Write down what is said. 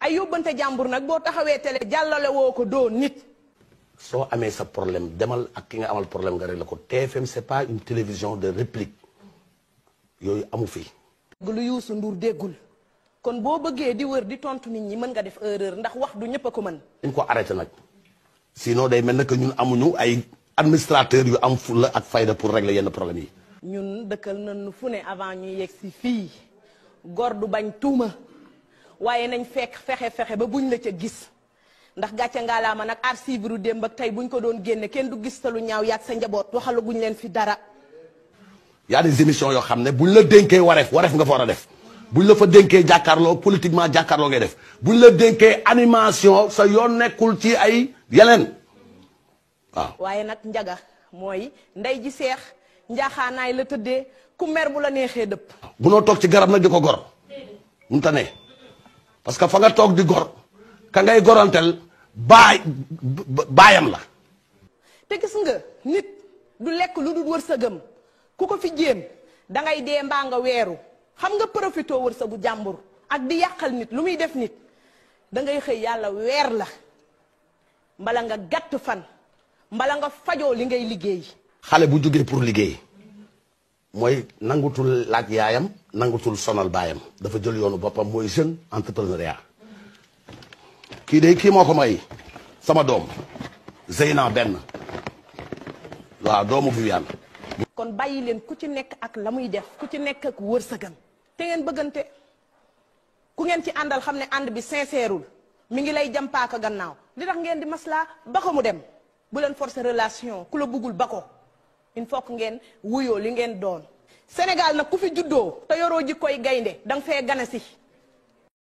ay yóbbante jàmbur nag boo taxawee télé jàllale woo ko doo nit soo amee sa problème demal ak ki nga amal problème nga réglé ko TFM se pas une télévision de réplique yooyu amu fi lu Youssou nduur déggul kon boo bëggee di wër di tontu nit ñi mën nga def erreur ndax wax du ñëpp a ko mën dañ ko arrêté nag sinon day mel ne que ñun amuñu ay administrateur yu am la ak fayda pour régler yenn problème yi ñun dëkkal nañu fu ne avant ñuy yegg si fii góor du bañ tuuma waaye nañ fekk fexe fexe ba buñ la ca gis ndax gàcce ma nag archive ru démb ak tey ñu ko doon génne kenn du gis ta lu ñaaw yaag sa njaboot waxalaguñ leen fi dara. y a des émissions yoo xam ne buñ la dénkee wareef wareef nga fa war a def buñ la fa dénkee jàkkaarloo politiquement jàkkaarloo ngay def buñ la dënkee animation sa yoon nekkul ci ay yeneen waaw. waaye nag njaga mooy ndey ji seex njaaxaanaay la tëddee ku mer bu la neexee dëpp. munoo toog ci garab nag di ko gor. mu ta ne. parce que fa nga toog di gor ka ngay gorantel baay baayam la. te gis nga nit du lekk lu dul wërsëgam ku ko fi jéem dangay ngay dee mbaa nga weeru xam nga profité wërsëgu jàmbur ak di yàqal nit lu muy def nit da ngay xëy yàlla weer la mbala nga gàtt fan mbala nga fajoo li ngay liggéey. xale bu jógee pour liggéey. mooy nangutul laaj yaayam nangutul sonal baayam dafa jël yoonu boppam mooy jeune entrepreneuriat kii de kii moo ko may sama doom Zeyna benn waaw doomu Viviane. kon bàyyi leen ku ci nekk ak la muy def ku ci nekk ak wërsëgam te ngeen bëggante ku ngeen ci àndal xam ne ànd bi senseerul mu ngi lay jam paaka gannaaw li tax ngeen di maslaa ba ko mu dem bu leen forcer relation ku la buggul ba ko il faut que ngeen wuyoo li ngeen doon Sénégal nag ku fi juddoo te yoroo jikkoy gaynde danga fee ganasi